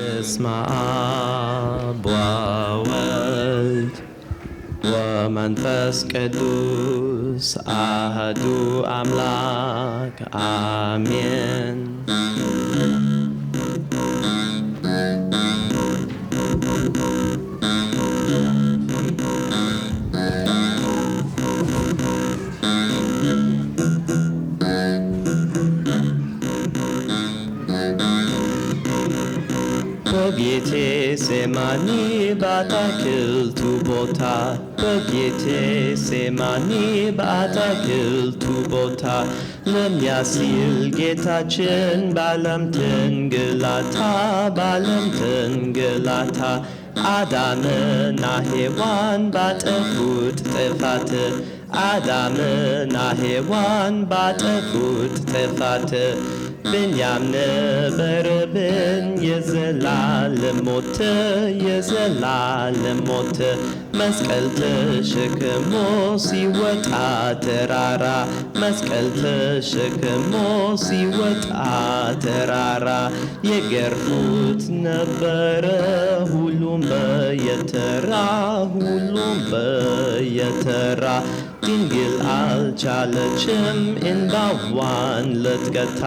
በስመ አብ ወወልድ ወመንፈስ ቅዱስ አህዱ አምላክ አሜን። በጌቴሴማኒ በአታክልቱ ቦታ በጌቴሴማኒ በአታክልቱ ቦታ ለሚያሲል ጌታችን ባለም ትንግላታ ባለም ትንግላታ አዳምና ሔዋን ባጠፉት ጥፋት አዳምና ሔዋን ባጠፉት ጥፋት ብንያም ነበረብን የዘላለም ሞት የዘላለም ሞት መስቀል ተሸክሞ ሲወጣ ተራራ መስቀል ተሸክሞ ሲወጣ ተራራ የገርፉት ነበረ ሁሉም በየተራ ሁሉም በየተራ ድንግል አልቻለችም እንባዋን ልትገታ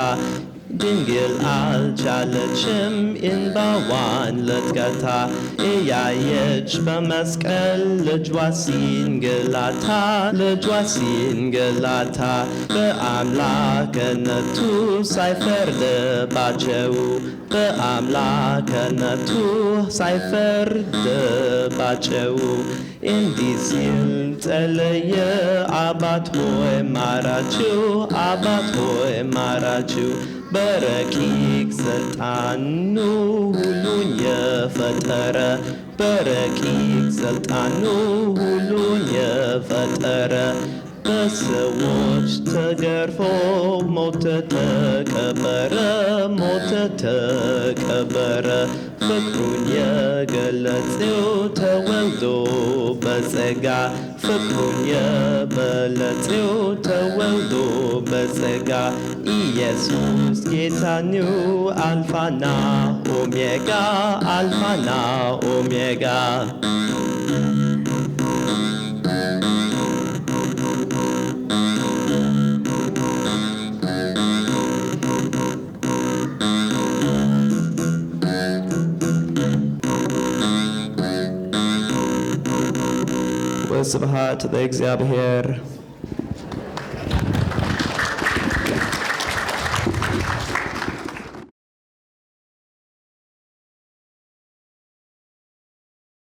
ድንግል አልቻለችም እንባዋን ልትገታ እያየች በመስቀል ልጇ ሲንገላታ ልጇ ሲንገላታ በአምላክነቱ ሳይፈርድባቸው በአምላክነቱ ሳይፈርድባቸው እንዲህ ሲል ጸለየ አባት ሆይ ማራችሁ አባት ሆይ ማራችሁ በረቂቅ ስልጣኑ ሁሉን የፈጠረ በረቂቅ ስልጣኑ ሁሉን የፈጠረ በሰዎች ተገርፎ ሞተ ተቀበረ ሞተ ተቀበረ ፍቅሩን የገለጸው ተወልዶ በጸጋ ፍቅሩን የገለጸው ተወልዶ በጸጋ ኢየሱስ ጌታኒው አልፋና ኦሜጋ አልፋና ኦሜጋ Subhat, the Exabher.